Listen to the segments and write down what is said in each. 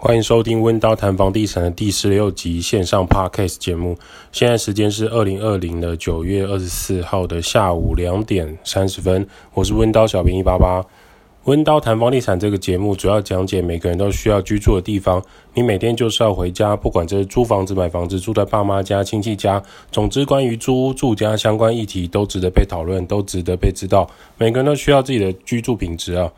歡迎收聽溫叨談房地產的第十六集線上 podcast 節目。現在時間是二零二零的九月二十四號的下午兩點三十分。我是溫叨小平一八八。溫叨談房地產這個節目主要講解每個人都需要居住的地方。你每天就是要回家，不管這是租房子、買房子、住在爸媽家、親戚家，總之關於租屋住家相關議題都值得被討論，都值得被知道。每個人都需要自己的居住品質啊。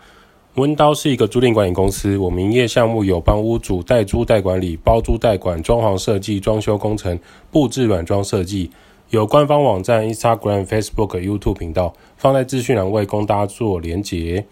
溫叨是一個租賃管理公司。我們營業項目有幫屋主代租代管理，包租代管、裝潢設計、裝修工程、佈置軟裝設計。有官方網站、Instagram、Facebook、YouTube 頻道，放在資訊欄位供大家做連結。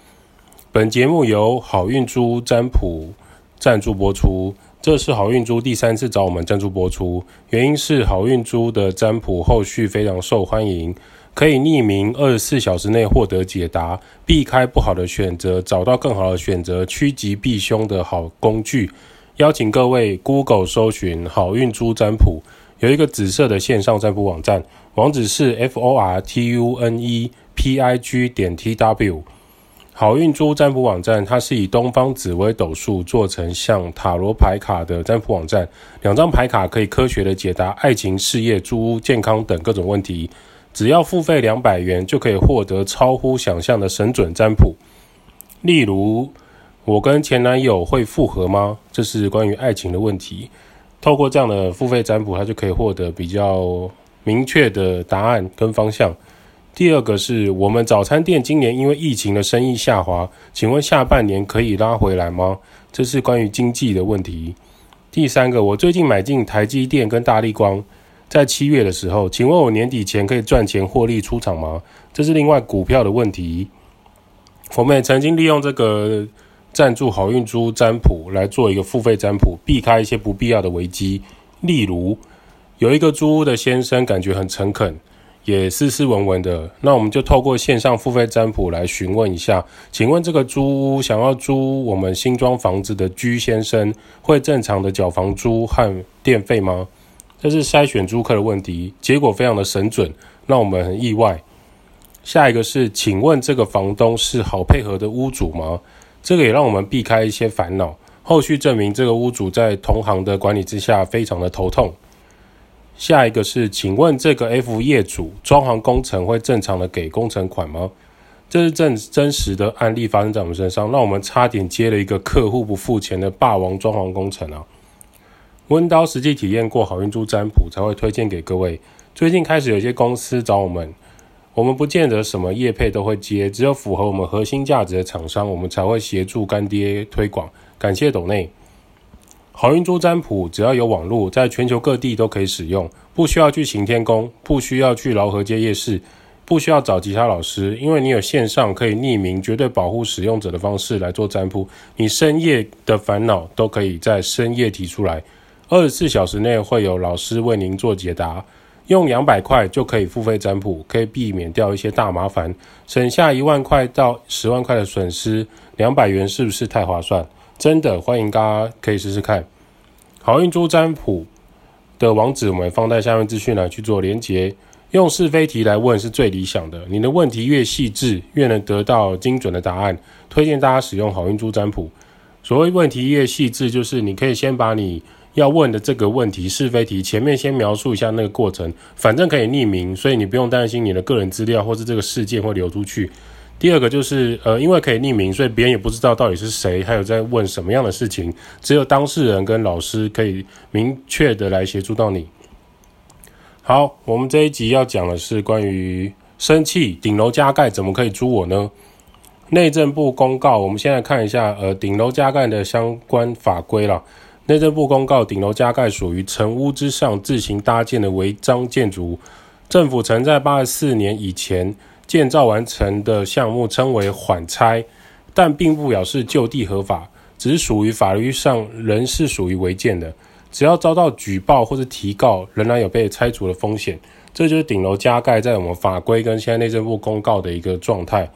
本節目由好運豬占卜贊助播出。這是好運豬第三次找我們贊助播出，原因是好運豬的占卜後續非常受歡迎。可以匿名，二十四小時內獲得解答，避開不好的選擇，找到更好的選擇，趨吉避凶的好工具。邀請各位 Google 搜尋好運豬占卜，有一個紫色的線上占卜網站，網址是 fortunepig 點 tw。好運豬占卜網站，它是以東方紫微斗數做成像塔羅牌卡的占卜網站，兩張牌卡可以科學的解答愛情、事業、租屋、健康等各種問題。只要付費兩百元，就可以獲得超乎想象的神準占卜。例如，我跟前男友會復合嗎？這是關於愛情的問題。透過這樣的付費占卜，他就可以獲得比較明確的答案跟方向。第二個是我們早餐店今年因為疫情的生意下滑，請問下半年可以拉回來嗎？這是關於經濟的問題。第三個，我最近買進台積電跟大立光。在七月的時候，請問我年底前可以賺錢獲利出場嗎？這是另外股票的問題。我們也曾經利用這個贊助好運豬占卜來做一個付費占卜，避開一些不必要的危機。例如，有一個租屋的先生感覺很誠懇，也斯斯文文的，那我們就透過線上付費占卜來詢問一下，請問這個租屋想要租我們新裝房子的居先生，會正常的繳房租和電費嗎？這是篩選租客的問題，結果非常的神準，讓我們很意外。下一個是，請問這個房東是好配合的屋主嗎？這個也讓我們避開一些煩惱。後續證明這個屋主在同行的管理之下非常的頭痛。下一個是，請問這個 F 業主裝潢工程會正常的給工程款嗎？這是正真實的案例發生在我們身上，讓我們差點接了一個客戶不付錢的霸王裝潢工程啊。溫叨實際體驗過好運豬占卜，才會推薦給各位。最近開始有些公司找我們，我們不見得什麼業配都會接，只有符合我們核心價值的廠商，我們才會協助乾爹推廣。感謝抖內好運豬占卜，只要有網絡，在全球各地都可以使用，不需要去行天宮，不需要去饒河街夜市，不需要找其他老師，因為你有線上可以匿名、絕對保護使用者的方式來做占卜，你深夜的煩惱都可以在深夜提出來。二十四小時內會有老師為您做解答。用兩百塊就可以付費占卜，可以避免掉一些大麻煩，省下一萬塊到十萬塊的損失。兩百元是不是太划算？真的，歡迎大家可以試試看。好運豬占卜的網址我們放在下面資訊欄去做連結。用是非題來問是最理想的，你的問題越細緻，越能得到精準的答案。推薦大家使用好運豬占卜。所謂問題越細緻，就是你可以先把你。要問的這個問題是非題，前面先描述一下那個過程，反正可以匿名，所以你不用擔心你的個人資料或是這個事件會流出去。第二個就是，呃，因為可以匿名，所以別人也不知道到底是誰，還有在問什麼樣的事情，只有當事人跟老師可以明確的來協助到你。好，我們這一集要講的是關於生氣頂樓加蓋怎麼可以租我呢？內政部公告，我們現在看一下，呃，頂樓加蓋的相關法規啦。內政部公告，頂樓加蓋屬於成屋之上自行搭建的違章建築物。政府曾在八十四年以前建造完成的項目稱為緩拆，但並不表示就地合法，只屬於法律上仍是屬於違建的。只要遭到舉報或者提告，仍然有被拆除的風險。這就是頂樓加蓋在我們法規跟現在內政部公告的一個狀態。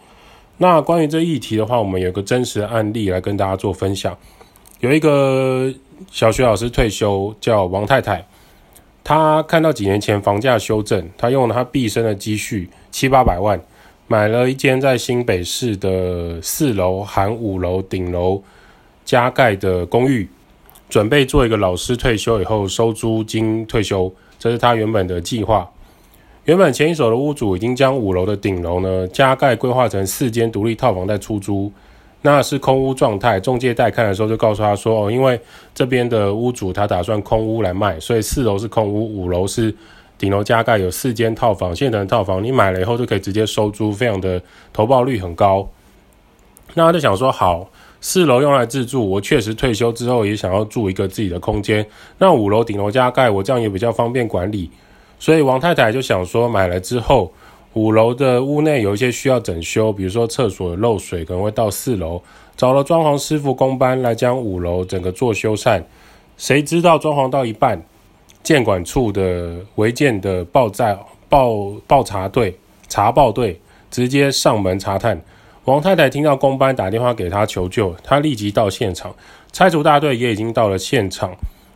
那關於這議題的話，我們有個真實的案例來跟大家做分享。有一個小學老師退休，叫王太太。她看到幾年前房價修正，她用了她畢生的積蓄七八百萬，買了一間在新北市的四樓含五樓頂樓加蓋的公寓，準備做一個老師退休以後收租金退休。這是她原本的計劃。原本前一手的屋主已經將五樓的頂樓呢加蓋規劃成四間獨立套房在出租。那是空屋狀態，仲介帶看的時候就告訴他說，哦，因為這邊的屋主他打算空屋來賣，所以四樓是空屋，五樓是頂樓加蓋，有四間套房，現成的套房，你買了以後就可以直接收租，非常的投報率很高。那他就想說，好，四樓用來自住，我確實退休之後也想要住一個自己的空間。那五樓頂樓加蓋，我這樣也比較方便管理，所以王太太就想說，買來之後。五樓的屋內有一些需要整修，比如說廁所漏水，可能會到四樓。找了裝潢師傅工班來將五樓整個做修繕。誰知道裝潢到一半，建管處的違建的報在報報查隊查報隊直接上門查探。王太太聽到工班打電話給她求救，她立即到現場，拆除大隊也已經到了現場，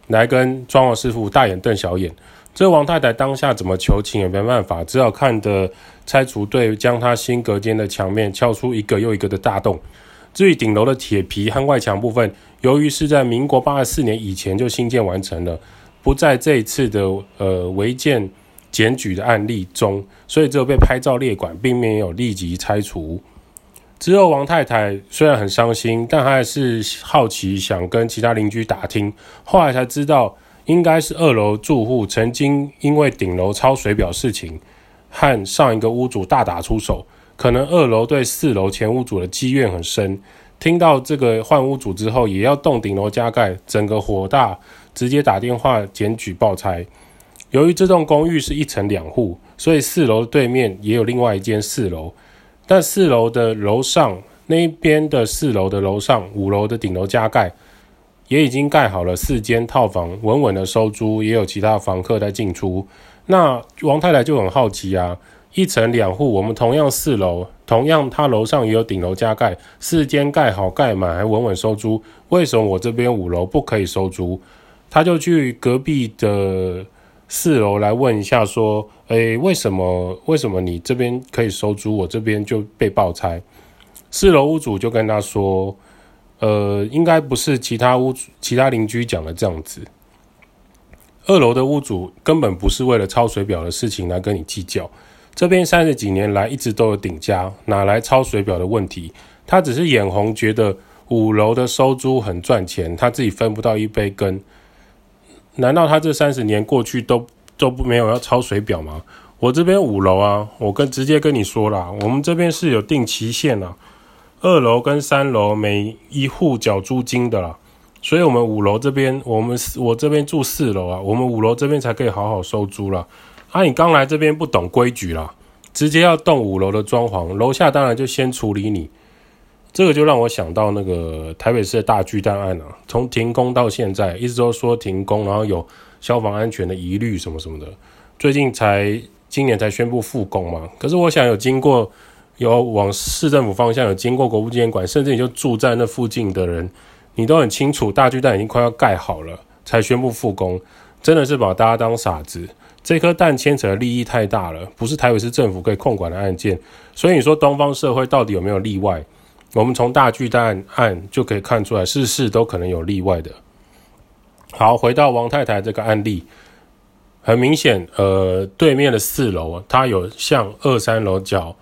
來跟裝潢師傅大眼瞪小眼。這王太太當下怎麼求情也沒辦法，只好看着拆除隊將她新隔間的牆面敲出一個又一個的大洞。至於頂樓的鐵皮和外牆部分，由於是在民國八十四年以前就興建完成了，不在這一次的呃違建檢舉的案例中，所以只有被拍照列管，並沒有立即拆除。之後，王太太雖然很傷心，但還，還是好奇想跟其他鄰居打聽，後來才知道。應該是二樓住戶曾經因為頂樓抄水表事情，和上一個屋主大打出手，可能二樓對四樓前屋主的積怨很深。聽到這個換屋主之後，也要動頂樓加蓋，整個火大，直接打電話檢舉報拆。由於這棟公寓是一層兩戶，所以四樓對面也有另外一間四樓，但四樓的樓上那一邊的四樓的樓上五樓的頂樓加蓋。也已經蓋好了四間套房，穩穩的收租，也有其他房客在進出。那王太太就很好奇啊，一層兩戶，我們同樣四樓，同樣他樓上也有頂樓加蓋，四間蓋好蓋滿還穩穩收租，為什麼我這邊五樓不可以收租？他就去隔壁的四樓來問一下，說：“哎，為什麼？為什麼你這邊可以收租，我這邊就被爆拆？”四樓屋主就跟他說，呃，應該不是其他屋主、其他鄰居講的這樣子。二樓的屋主根本不是為了抄水表的事情來跟你計較。這邊三十幾年來一直都有頂加，哪來抄水表的問題？他只是眼紅，覺得五樓的收租很賺錢，他自己分不到一杯羹。難道他這三十年過去都都沒有要抄水表嗎？我這邊五樓啊，我跟直接跟你說啦，我們這邊是有定期限啊。二樓跟三樓每一戶繳租金的啦，所以我們五樓這邊，我們我這邊住四樓啊，我們五樓這邊才可以好好收租啦。啊，你剛來這邊不懂規矩啦，直接要動五樓的裝潢，樓下當然就先處理你。這個就讓我想到那個台北市的大巨蛋案啊，從停工到現在一直都說停工，然後有消防安全的疑慮什麼什麼的，最近才今年才宣布復工嘛。可是我想有經過。有往市政府方向，有經過國務監管，甚至你就住在那附近的人，你都很清楚。大巨蛋已經快要蓋好了，才宣布復工，真的是把大家當傻子。這顆蛋牽扯的利益太大了，不是台北市政府可以控管的案件。所以你說東方社會到底有沒有例外？我們從大巨蛋案就可以看出來，事事都可能有例外的。好，回到王太太這個案例，很明顯，呃，對面的四樓，它有向二三樓角。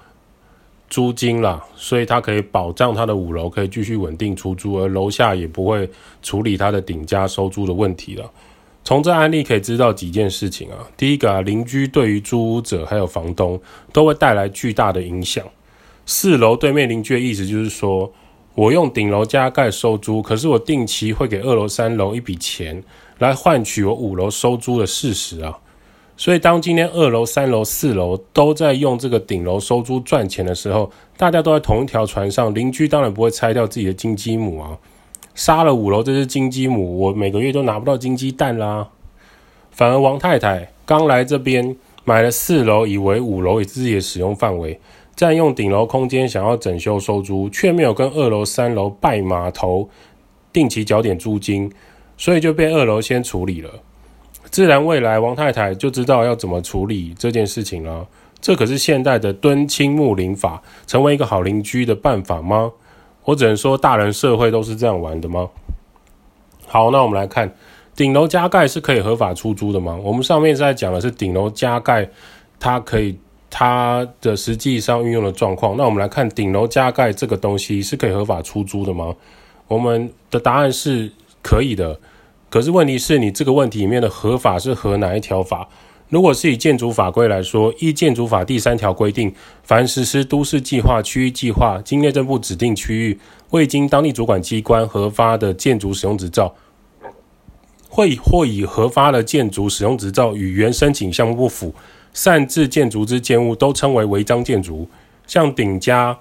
租金啦，所以他可以保障他的五樓可以繼續穩定出租，而樓下也不會處理他的頂加收租的問題了。從這案例可以知道幾件事情啊，第一個啊，鄰居對於租屋者還有房東都會帶來巨大的影響。四樓對面鄰居的意思就是說，我用頂樓加蓋收租，可是我定期會給二樓、三樓一筆錢，來換取我五樓收租的事實啊。所以，當今天二樓、三樓、四樓都在用這個頂樓收租賺錢的時候，大家都在同一條船上。鄰居當然不會拆掉自己的金雞母啊！殺了五樓這隻金雞母，我每個月都拿不到金雞蛋啦。反而王太太剛來這邊買了四樓，以為五樓也是自己的使用範圍，占用頂樓空間想要整修收租，卻沒有跟二樓、三樓拜碼頭，定期繳點租金，所以就被二樓先處理了。自然未來王太太就知道要怎麼處理這件事情了啊。這可是現代的敦親睦鄰法，成為一個好鄰居的辦法嗎？我只能說，大人社會都是這樣玩的嗎？好，那我們來看，頂樓加蓋是可以合法出租的嗎？我們上面在講的是頂樓加蓋，它可以它的實際上運用的狀況。那我們來看頂樓加蓋這個東西是可以合法出租的嗎？我們的答案是可以的。可是問題是你這個問題裡面的合法是合哪一條法？如果是以建築法規來說，依建築法第三條規定，凡實施都市計劃、區域計劃、經內政部指定區域，未經當地主管機關核發的建築使用執照，會或以核發的建築使用執照與原申請項目不符，擅自建築之建物，都稱為違章建築。像頂加。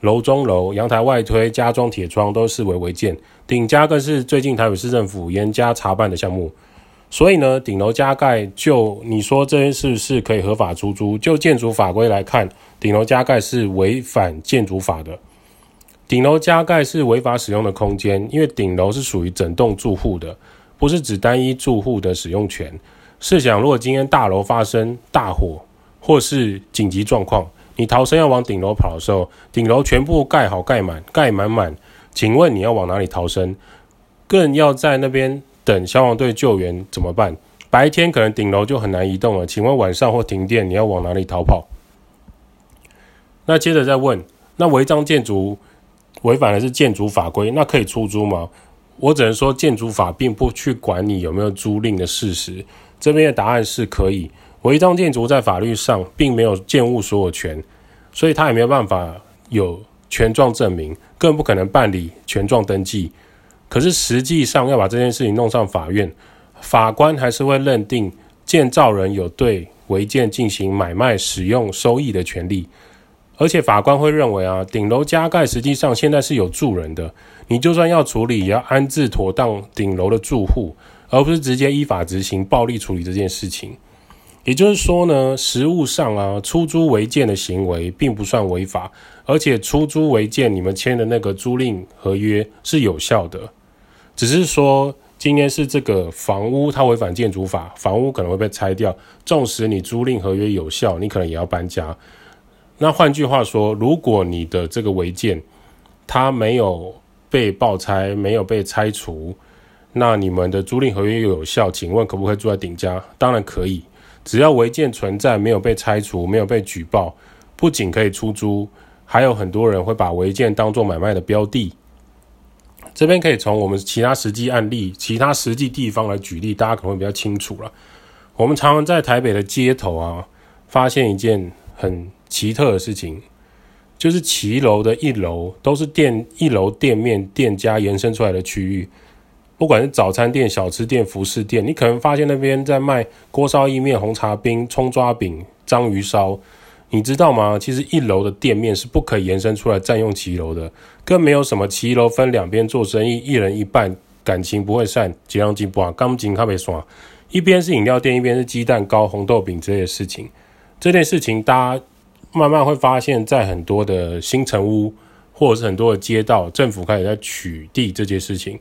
樓中樓、陽台外推、加裝鐵窗都視為違建，頂加更是最近台北市政府嚴加查辦的項目。所以呢，頂樓加蓋就你說這件事是可以合法出租，租？就建築法規來看，頂樓加蓋是違反建築法的。頂樓加蓋是違法使用的空間，因為頂樓是屬於整棟住戶的，不是指單一住戶的使用權。試想，如果今天大樓發生大火或是緊急狀況，你逃生要往頂樓跑的時候，頂樓全部蓋好蓋滿蓋滿滿，請問你要往哪裡逃生？更要在那邊等消防隊救援怎麼辦？白天可能頂樓就很難移動了，請問晚上或停電你要往哪裡逃跑？那接着再問，那違章建築違反的是建築法規，那可以出租嗎？我只能說建築法並不去管你有沒有租賃的事實，這邊的答案是可以。違章建築在法律上並沒有建物所有權，所以他也沒有辦法有權狀證明，更不可能辦理權狀登記。可是實際上要把這件事情弄上法院，法官還是會認定建造人有對違建進行買賣、使用、收益的權利。而且法官會認為啊，頂樓加蓋實際上現在是有住人的，你就算要處理，也要安置妥當頂樓的住戶，而不是直接依法執行暴力處理這件事情。也就是說呢，實務上啊，出租違建的行為並不算違法，而且出租違建你們簽的那個租賃合約是有效的，只是說今天是這個房屋它違反建築法，房屋可能會被拆掉，縱使你租賃合約有效，你可能也要搬家。那換句話說，如果你的這個違建它沒有被報拆，沒有被拆除，那你們的租賃合約又有效，請問可不可以住在頂加？當然可以。只要違建存在，沒有被拆除，沒有被舉報，不僅可以出租，還有很多人會把違建當做買賣的標的。這邊可以從我們其他實際案例、其他實際地方來舉例，大家可能會比較清楚了。我們常常在台北的街頭啊，發現一件很奇特的事情，就是騎樓的一樓都是店，一樓店面店家延伸出來的區域。不管是早餐店、小吃店、服飾店，你可能發現那邊在賣鍋燒意麵、紅茶冰、蔥抓餅、章魚燒，你知道嗎？其實一樓的店面是不可以延伸出來佔用騎樓的，更沒有什麼騎樓分兩邊做生意，一人一半，感情不會散，結腸金不啊，鋼筋咖啡刷，一邊是飲料店，一邊是雞蛋糕、紅豆餅這些事情，這件事情大家慢慢會發現，在很多的新城屋或者是很多的街道，政府開始在取締這些事情。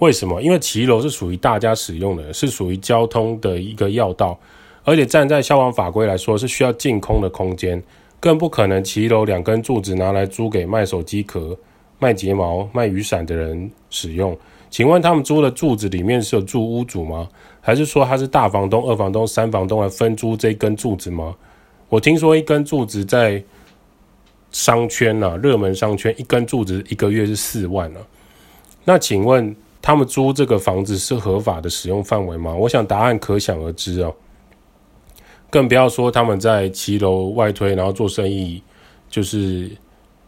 為什麼？因為騎樓是屬於大家使用的，是屬於交通的一個要道，而且站在消防法規來說，是需要淨空的空間，更不可能騎樓兩根柱子拿來租給賣手機殼、賣睫毛、賣雨傘的人使用。請問他們租的柱子裡面是有住屋主嗎？還是說他是大房東、二房東、三房東來分租這一根柱子嗎？我聽說一根柱子在商圈啊，熱門商圈一根柱子一個月是四萬了啊。那請問？他們租這個房子是合法的使用範圍嗎？我想答案可想而知哦，更不要說他們在騎樓外推，然後做生意，就是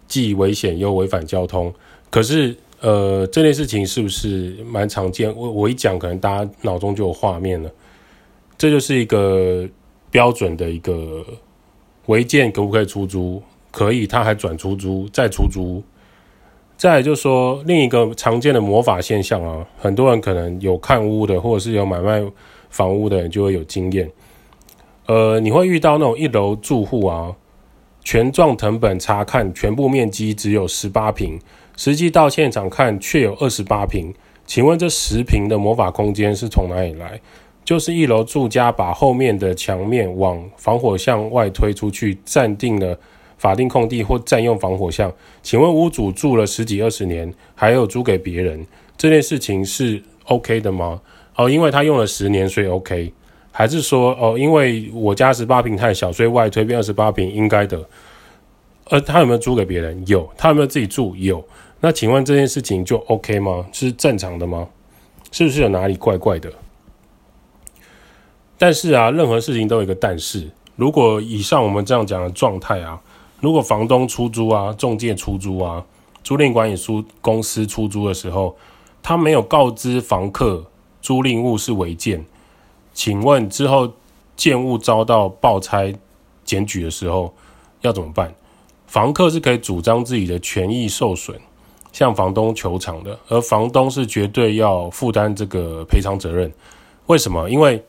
既危險又違反交通。可是，呃，這件事情是不是蠻常見？我我一講，可能大家腦中就有畫面了。這就是一個標準的一個違建可不可以出租？可以，他還轉出租，再出租。再來就是說，另一個常見的魔法現象啊，很多人可能有看屋的，或者是有買賣房屋的人，就會有經驗。呃，你會遇到那種一樓住戶啊，權狀謄本查看全部面積只有十八坪，實際到現場看卻有二十八坪，請問這十坪的魔法空間是從哪裡來？就是一樓住家把後面的牆面往防火巷外推出去暫定了。法定空地或占用防火巷，請問屋主住了十幾二十年，還有租給別人，這件事情是 OK 的嗎？哦，因為他用了十年，所以 OK，還是說哦，因為我家十八平太小，所以外推變二十八平應該的？呃，他有沒有租給別人？有，他有沒有自己住？有，那請問這件事情就 OK 嗎？是正常的嗎？是不是有哪裡怪怪的？但是啊，任何事情都有一個但是，如果以上我們這樣講的狀態啊。如果房東出租啊，中介出租啊，租賃管理書公司出租的時候，他沒有告知房客租賃物是違建，請問之後建物遭到爆拆檢舉的時候要怎麼辦？房客是可以主張自己的權益受損，向房東求償的，而房東是絕對要負擔這個賠償責任。為什麼？因為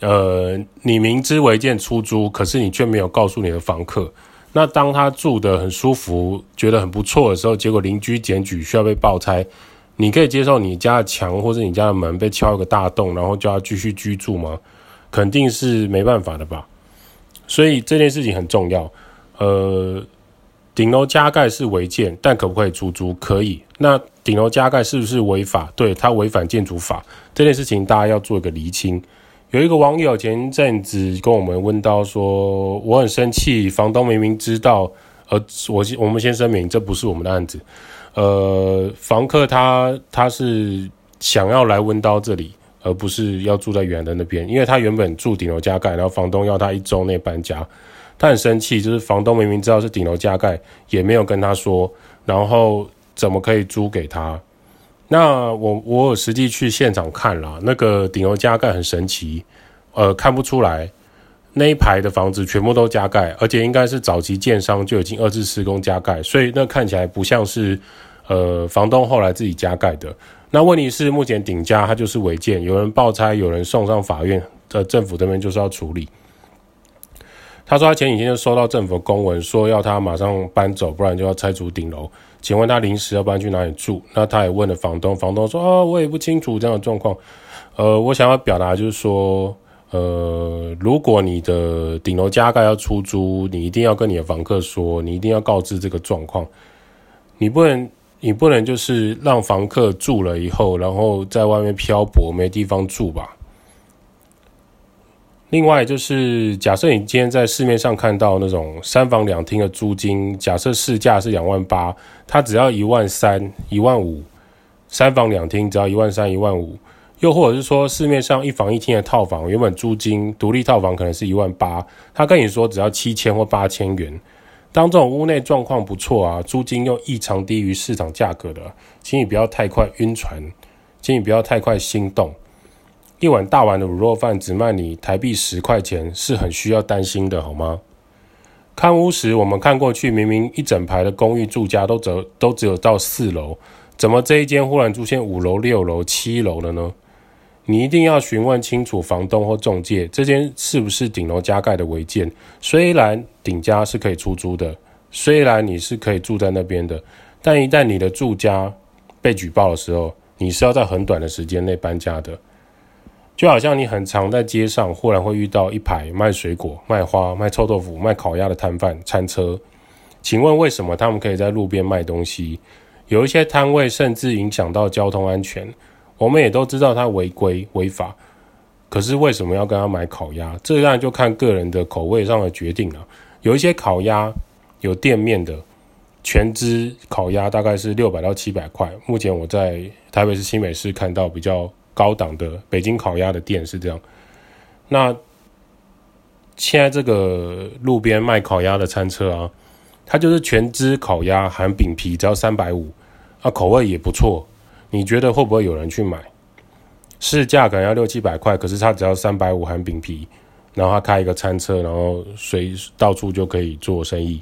呃，你明知違建出租，可是你卻沒有告訴你的房客。那當他住得很舒服，覺得很不錯的時候，結果鄰居檢舉需要被爆拆，你可以接受你家的牆或者你家的門被敲一個大洞，然後就要繼續居住嗎？肯定是沒辦法的吧。所以這件事情很重要。呃，頂樓加蓋是違建，但可不可以出租、租？可以。那頂樓加蓋是不是違法？對，它違反建築法這件事情，大家要做一個釐清。有一個網友前陣子跟我們問到說，我很生氣，房東明明知道，呃，我我們先聲明，這不是我們的案子，呃，房客他他是想要來溫叨這裡，而不是要住在原來的那邊，因為他原本住頂樓加蓋，然後房東要他一周內搬家，他很生氣，就是房東明明知道是頂樓加蓋，也沒有跟他說，然後怎麼可以租給他？那我我有實際去現場看了，那個頂樓加蓋很神奇，呃，看不出來，那一排的房子全部都加蓋，而且應該是早期建商就已經二次施工加蓋，所以那看起來不像是，呃，房東後來自己加蓋的。那問題是目前頂加它就是違建，有人報拆，有人送上法院，呃，政府這邊就是要處理。他說他前幾天就收到政府的公文，說要他馬上搬走，不然就要拆除頂樓。請問他臨時要搬去哪裡住？那他也問了房東，房東說，啊、哦，我也不清楚這樣的狀況。呃，我想要表達就是說，呃，如果你的頂樓加蓋要出租，你一定要跟你的房客說，你一定要告知這個狀況。你不能，你不能就是讓房客住了以後，然後在外面漂泊，沒地方住吧？另外就是，假設你今天在市面上看到那種三房兩廳的租金，假設市價是兩萬八，它只要一萬三、一萬五，三房兩廳只要一萬三、一萬五。又或者是說，市面上一房一廳的套房，原本租金，獨立套房可能是一萬八，他跟你說只要七千或八千元。當這種屋內狀況不錯啊，租金又異常低於市場價格的，請你不要太快暈船，請你不要太快心動。一碗大碗的滷肉飯只賣你台幣十塊錢，是很需要擔心的，好嗎？看屋時，我們看過去，明明一整排的公寓住家都只都只有到四樓，怎麼這一間忽然出現五樓、六樓、七樓了呢？你一定要詢問清楚房東或仲介，這間是不是頂樓加蓋的違建？雖然頂加是可以出租的，雖然你是可以住在那邊的，但一旦你的住家被舉報的時候，你是要在很短的時間內搬家的。就好像你很常在街上，忽然會遇到一排賣水果、賣花、賣臭豆腐、賣烤鴨的攤販、餐車。請問為什麼他們可以在路邊賣東西？有一些攤位甚至影響到交通安全，我們也都知道它違規違法。可是為什麼要跟他買烤鴨？這當然就看個人的口味上的決定了啊。有一些烤鴨有店面的全隻烤鴨，大概是六百到七百塊。目前我在台北市新北市看到比較。高檔的北京烤鴨的店是這樣，那現在這個路邊賣烤鴨的餐車啊，它就是全只烤鴨含餅皮，只要三百五，啊，口味也不錯，你覺得會不會有人去買？市價可能要六七百塊，可是它只要三百五含餅皮，然後他開一個餐車，然後隨到處就可以做生意。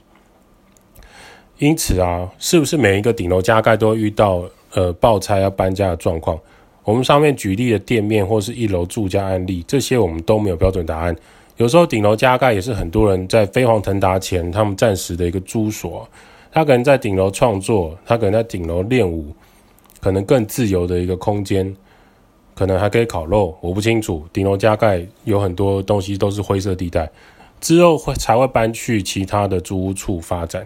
因此啊，是不是每一個頂樓加蓋都會遇到呃爆拆要搬家的狀況？我們上面舉例的店面或是一樓住家案例，這些我們都沒有標準答案。有時候頂樓加蓋也是很多人在飛黃騰達前，他們暫時的一個住所啊。他可能在頂樓創作，他可能在頂樓練舞，可能更自由的一個空間，可能還可以烤肉，我不清楚。頂樓加蓋有很多東西都是灰色地帶，之後會才會搬去其他的租屋處發展。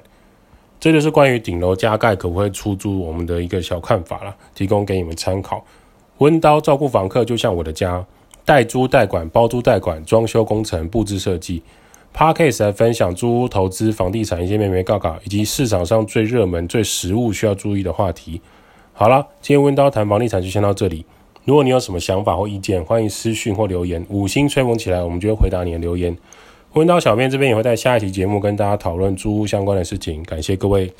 這就是關於頂樓加蓋可不可以出租我們的一個小看法了，提供給你們參考。溫叨照顧房客，就像我的家，代租代管、包租代管、裝修工程、佈置設計。Podcast 來分享租屋投資、房地產一些眉眉角角，以及市場上最熱門、最實務需要注意的話題。好了，今天溫叨談房地產就先到這裡。如果你有什麼想法或意見，歡迎私訊或留言。五星吹捧起來，我們就會回答你的留言。溫叨小編這邊也會在下一期節目跟大家討論租屋相關的事情。感謝各位。